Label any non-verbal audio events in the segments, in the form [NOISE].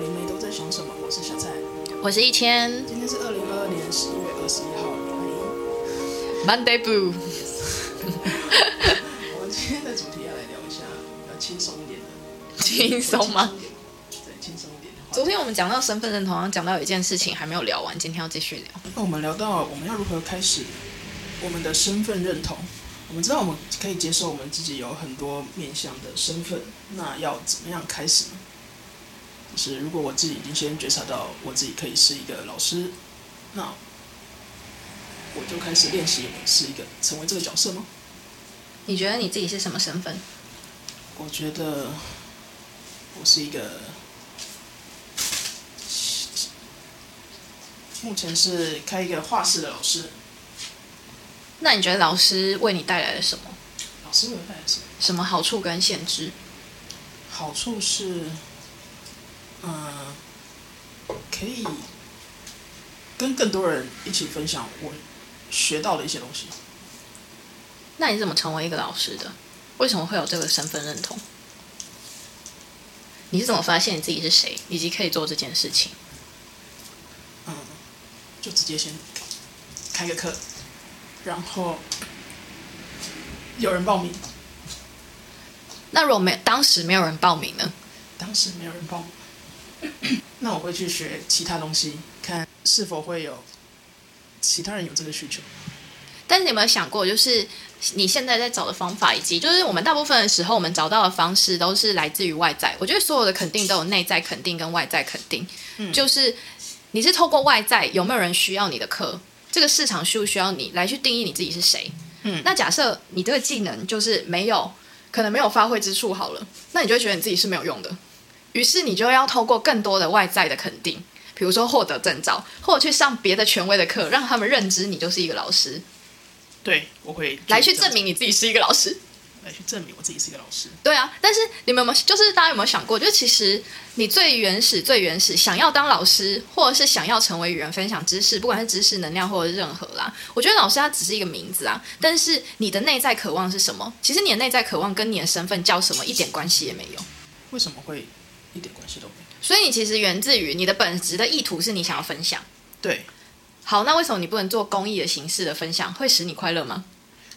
靈媒都在想什麼？我是小蔡，我是一千。今天是二零二二年十一月二十一號，周一，Monday Blue 我們今天的主題要來聊一下比較輕鬆一點的，輕鬆嗎？對，輕鬆一點。一點的話昨天我們講到身份認同，講到一件事情還沒有聊完，今天要繼續聊。那我們聊到我們要如何開始我們的身份認同？我們知道我們可以接受我們自己有很多面向的身份，那要怎麼樣開始呢？是，如果我自己已經先覺察到我自己可以是一個老師，那我就開始練習是一個成為這個角色嗎？你覺得你自己是什麼身份？我覺得我是一個目前是開一個畫室的老師。那你覺得老師為你帶來了什麼？老師為你帶來了什麼？什麼好處跟限制？好處是。嗯，可以跟更多人一起分享我學到的一些東西。那你怎麼成為一個老師的？為什麼會有這個身份認同？你是怎麼發現你自己是誰，以及可以做這件事情？嗯，就直接先開個課，然後有人報名。那如果沒，當時沒有人報名呢？當時沒有人報名。 [COUGHS] 那我會去學其他東西，看是否會有其他人有這個需求。但是你有沒有想過，就是你現在在找的方法，以及就是我們大部分的時候，我們找到的方式都是來自於外在。我覺得所有的肯定都有內在肯定跟外在肯定。嗯，就是你是透過外在有沒有人需要你的課，這個市場需不需要你來去定義你自己是誰。嗯，那假設你這個技能就是沒有，可能沒有發揮之處好了，那你就會覺得你自己是沒有用的。於是你就要透過更多的外在的肯定，比如說獲得證照，或者去上別的權威的課，讓他們認知你就是一個老師。對，我會來去證明你自己是一個老師，來去證明我自己是一個老師。對啊，但是你們有沒有，就是大家有沒有想過，就其實你最原始、最原始想要當老師，或者是想要成為與人分享知識，不管是知識能量或者是任何啦，我覺得老師他只是一個名字啊。但是你的內在渴望是什麼？其實你的內在渴望跟你的身份叫什麼一點關係也沒有。為什麼會？一點關係都沒有，所以你其實源自於你的本質的意圖是你想要分享，對。好，那為什麼你不能做公益的形式的分享，會使你快樂嗎？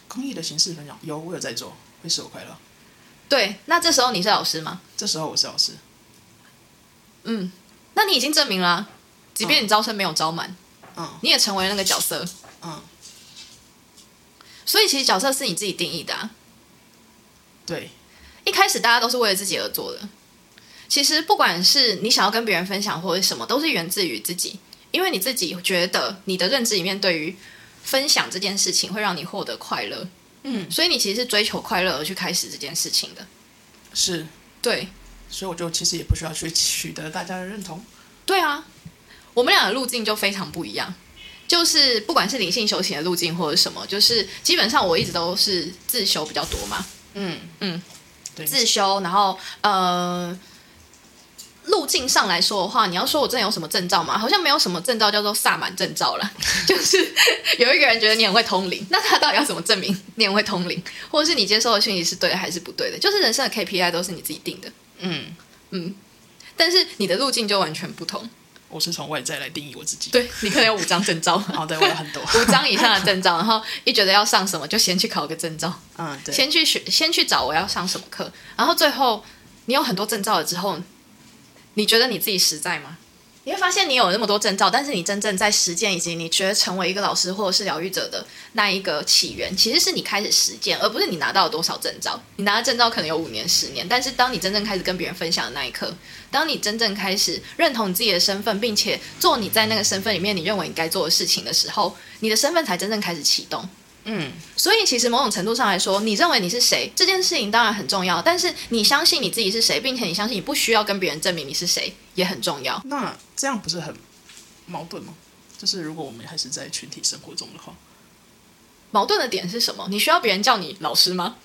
公益的形式分享有，我有在做，會使我快樂。對，那這時候你是老師嗎？這時候我是老師。嗯，那你已經證明了、啊，即便你招生沒有招滿、嗯，嗯，你也成為了那個角色，嗯。所以其實角色是你自己定義的、啊，對。一開始大家都是為了自己而做的。其實不管是你想要跟別人分享，或者什麼，都是源自於自己，因為你自己覺得你的認知裡面對於分享這件事情會讓你獲得快樂，嗯，所以你其實是追求快樂而去開始這件事情的，是，對，所以我就其實也不需要去取得大家的認同，對啊，我們倆的路徑就非常不一樣，就是不管是靈性修行的路徑或者什麼，就是基本上我一直都是自修比較多嘛，嗯嗯，對，自修，然後呃。路徑上來說的話，你要說我真的有什麼證照嗎？好像沒有什麼證照叫做薩滿證照啦。 [LAUGHS] 就是有一個人覺得你很會通靈，那他到底要怎麼證明你很會通靈，或者是你接受的信息是對還是不對的？就是人生的 KPI 都是你自己定的。嗯嗯，但是你的路徑就完全不同。我是從外在來定義我自己。對，你可能有五張證照，哦，對，我有很多五張以上的證照，然後一覺得要上什麼，就先去考個證照。嗯，對，先去學，先去找我要上什麼課，然後最後你有很多證照了之後。你覺得你自己實在嗎？你會發現你有那麼多證照，但是你真正在實踐，以及你覺得成為一個老師或者是療癒者的那一個起源，其實是你開始實踐，而不是你拿到了多少證照。你拿到證照可能有五年、十年，但是當你真正開始跟別人分享的那一刻，當你真正開始認同你自己的身份，並且做你在那個身份裡面你認為你該做的事情的時候，你的身份才真正開始啟動。嗯，所以其實某種程度上來說，你認為你是誰這件事情當然很重要，但是你相信你自己是誰，並且你相信你不需要跟別人證明你是誰也很重要。那這樣不是很矛盾嗎？就是如果我們還是在群體生活中的話，矛盾的點是什麼？你需要別人叫你老師嗎？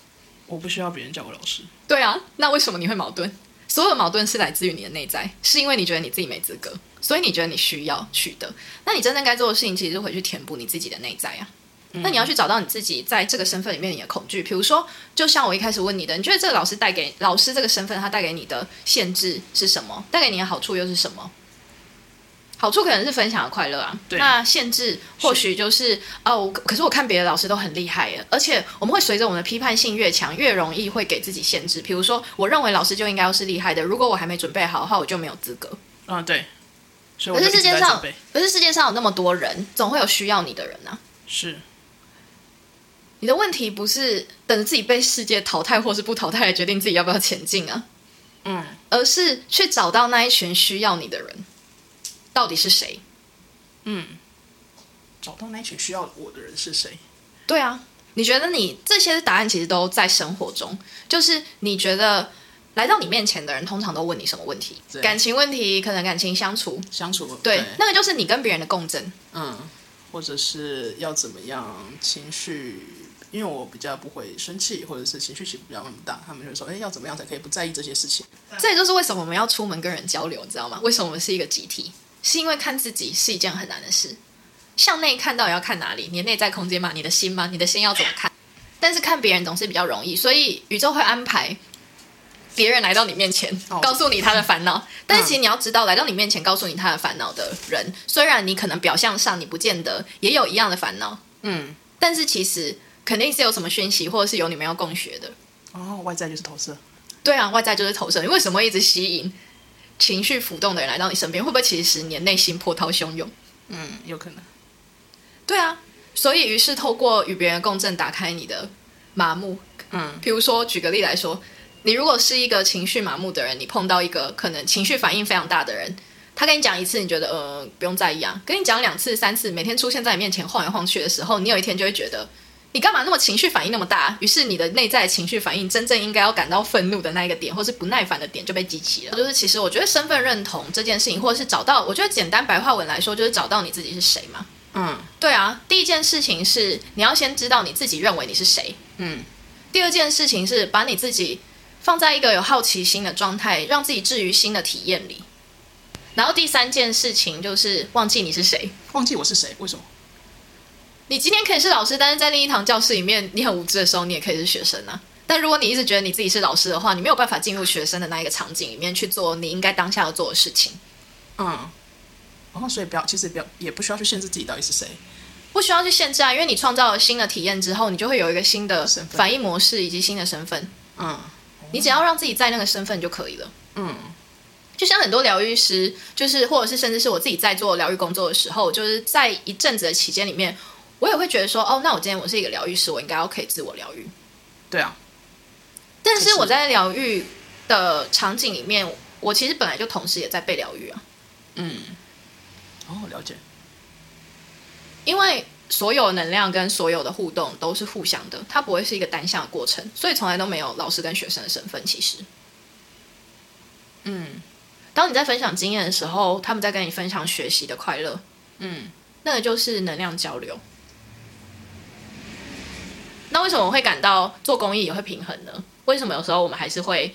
我不需要別人叫我老師。對啊，那為什麼你會矛盾？所有矛盾是來自於你的內在，是因為你覺得你自己沒資格，所以你覺得你需要取得。那你真正該做的事情，其實是回去填補你自己的內在啊。嗯，那你要去找到你自己在這個身份裡面，你的恐懼。比如說，就像我一開始問你的，你覺得這個老師帶給老師這個身份，他帶給你的限制是什麼？帶給你的好處又是什麼？好處可能是分享的快樂啊。對。那限制或許就是，是啊，我可是我看別的老師都很厲害耶，而且我們會隨着我們的批判性越強，越容易會給自己限制。比如說，我認為老師就應該要是厲害的，如果我還沒準備好的話，我就沒有資格。啊，對。所以我可以，可是世界上，可是世界上有那麼多人，總會有需要你的人呢、啊。是。你的問題不是等着自己被世界淘汰，或是不淘汰來決定自己要不要前進啊，嗯，而是去找到那一群需要你的人，到底是誰？嗯，找到那一群需要我的人是誰？對啊，你覺得你這些答案其實都在生活中，就是你覺得來到你面前的人通常都問你什麼問題？對，感情問題，可能感情相處，相處，對，對，那個就是你跟別人的共振，嗯，或者是要怎麼樣情緒。因為我比較不會生氣，或者是情緒起伏比較那麼大，他們就說：“哎，要怎麼樣才可以不在意這些事情？”這也就是為什麼我們要出門跟人交流，知道嗎？為什麼我們是一個集體？是因為看自己是一件很難的事，向內看到底要看哪裡？你的內在空間嘛，你的心嗎？你的心要怎麼看？ [COUGHS] 但是看別人總是比較容易，所以宇宙會安排別人來到你面前，哦、告訴你他的煩惱。嗯、但其實你要知道，來到你面前告訴你他的煩惱的人，雖然你可能表象上你不見得也有一樣的煩惱，嗯，但是其實。肯定是有什麼訊息，或者是有你們要共學的哦。外在就是投射，對啊，外在就是投射。你為什麼會一直吸引情緒浮動的人來到你身邊？會不會其實你內心波濤洶湧？嗯，有可能。對啊，所以於是透過與別人共振，打開你的麻木。嗯，比如說舉個例來說，你如果是一個情緒麻木的人，你碰到一個可能情緒反應非常大的人，他跟你講一次，你覺得呃不用在意啊；跟你講兩次、三次，每天出現在你面前晃來晃去的時候，你有一天就會覺得。你幹嘛那麼情緒反應那麼大？於是你的內在情緒反應，真正應該要感到憤怒的那一個點，或是不耐煩的點就被激起了。嗯，就是其實我覺得身份認同這件事情，或者是找到，我覺得簡單白話文來說，就是找到你自己是誰嘛。嗯，對啊。第一件事情是你要先知道你自己認為你是誰。嗯。第二件事情是把你自己放在一個有好奇心的狀態，讓自己置於新的體驗裡。然後第三件事情就是忘記你是誰。忘記我是誰？為什麼？你今天可以是老師，但是在另一堂教室裡面，你很無知的時候，你也可以是學生呢、啊。但如果你一直覺得你自己是老師的話，你沒有辦法進入學生的那一個場景裡面去做你應該當下要做的事情。嗯，然後、哦、所以不要，其實不要，也不需要去限制自己到底是誰，不需要去限制啊，因為你創造了新的體驗之後，你就會有一個新的反應模式以及新的身份。身份、嗯，你只要讓自己在那個身份就可以了。嗯，就像很多療癒師，就是或者是甚至是我自己在做療癒工作的時候，就是在一陣子的期間裡面。我也會覺得說，哦，那我今天我是一個療癒師，我應該要可以自我療癒，對啊。但是我在療癒的場景裡面，其實，我其實本來就同時也在被療癒啊。嗯，哦，了解。因為所有能量跟所有的互動都是互相的，它不會是一個單向的過程，所以從來都沒有老師跟學生的身份。其實，嗯，當你在分享經驗的時候，他們在跟你分享學習的快樂，嗯，那個就是能量交流。為什麼我會感到做公益也會平衡呢？為什麼有時候我們還是會，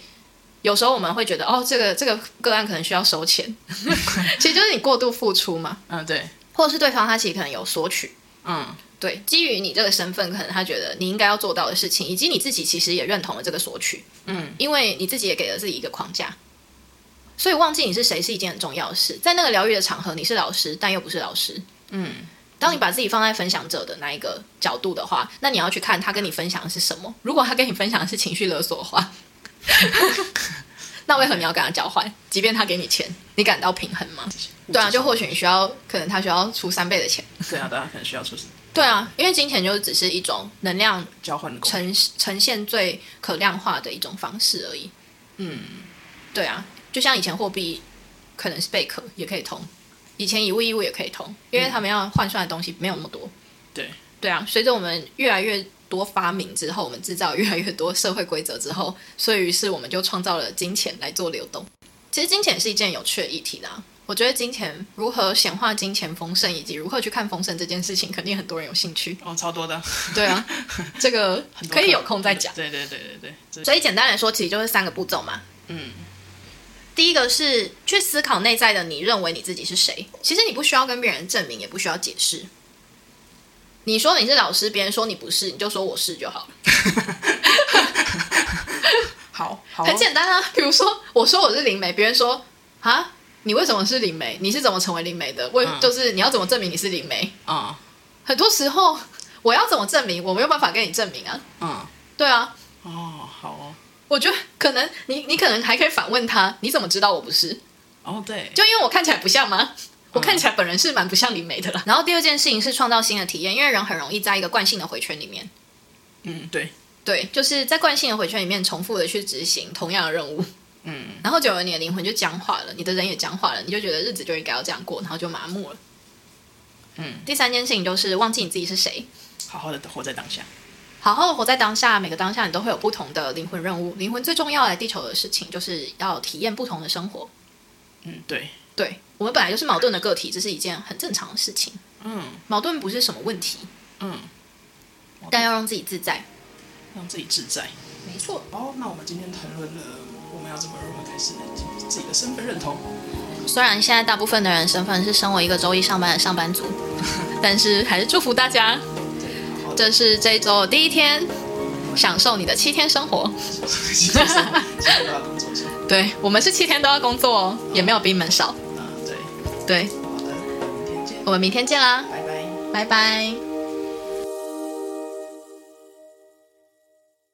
有時候我們會覺得，哦，這個這個個案可能需要收錢， [LAUGHS] 其實就是你過度付出嘛。嗯，對。或者是對方他其實可能有索取。嗯，對。基於你這個身份，可能他覺得你應該要做到的事情，以及你自己其實也認同了這個索取。嗯，因為你自己也給了自己一個框架，所以忘記你是誰是一件很重要的事。在那個療癒的場合，你是老師，但又不是老師。嗯。當你把自己放在分享者的那一個角度的話，那你要去看他跟你分享的是什麼。如果他跟你分享的是情緒勒索的話， [LAUGHS] [LAUGHS] 那為何你要跟他交換？即便他給你錢，你感到平衡嗎？就是、對啊，就或許你需要，可能他需要出三倍的錢。對啊，大家、啊、可能需要出。對啊，因為金錢就只是一種能量交換，呈呈現最可量化的一種方式而已。嗯，對啊，就像以前貨幣可能是貝殼，也可以通。以前以物易物也可以通，因為他們要換算的東西沒有那麼多。嗯、對，對啊。隨着我們越來越多發明之後，我們制造越來越多社會規則之後，所以於是我們就創造了金錢來做流動。其實金錢是一件有趣的議題啦、啊。我覺得金錢如何顯化金錢豐盛，以及如何去看豐盛這件事情，肯定很多人有興趣。哦，超多的。對啊， [LAUGHS] 這個可以有空再講。對對對對對。對對對對，所以簡單來說，其實就是三個步驟嘛。嗯。第一個是去思考內在的，你認為你自己是誰？其實你不需要跟別人證明，也不需要解釋。你說你是老師，別人說你不是，你就說我是就好了 [LAUGHS] 好，很簡單啊。比如說，我說我是靈媒，別人說啊，你為什麼是靈媒？你是怎麼成為靈媒的？為、嗯、就是你要怎麼證明你是靈媒啊？嗯、很多時候，我要怎麼證明？我沒有辦法跟你證明啊。嗯，對啊。哦，好。我覺得可能你你可能還可以反問他，你怎麼知道我不是？哦，oh, 對，就因為我看起來不像嗎？我看起來本人是蠻不像靈媒的啦。嗯、然後第二件事情是創造新的體驗，因為人很容易在一個慣性的回圈裡面。嗯，對對，就是在慣性的回圈裡面重複的去執行同樣的任務。嗯，然後久了你的靈魂就僵化了，你的人也僵化了，你就覺得日子就應該要這樣過，然後就麻木了。嗯，第三件事情就是忘記你自己是誰，好好的活在當下。好好的活在當下，每個當下你都會有不同的靈魂任務。靈魂最重要來地球的事情，就是要體驗不同的生活。嗯，對，對，我們本來就是矛盾的個體，這是一件很正常的事情。嗯，矛盾不是什麼問題。嗯，但要讓自己自在，讓自己自在，沒錯錯。哦，那我們今天談論了，我們要怎麼如何開始自己的身份認同？雖然現在大部分的人身份是身為一個周一上班的上班族，但是還是祝福大家。這是這周我第一天享受你的七天生活， [LAUGHS] 對，我們是七天都要工作哦，也沒有比你們少。對對，好的，明天見，我們明天見啦，拜拜，拜拜。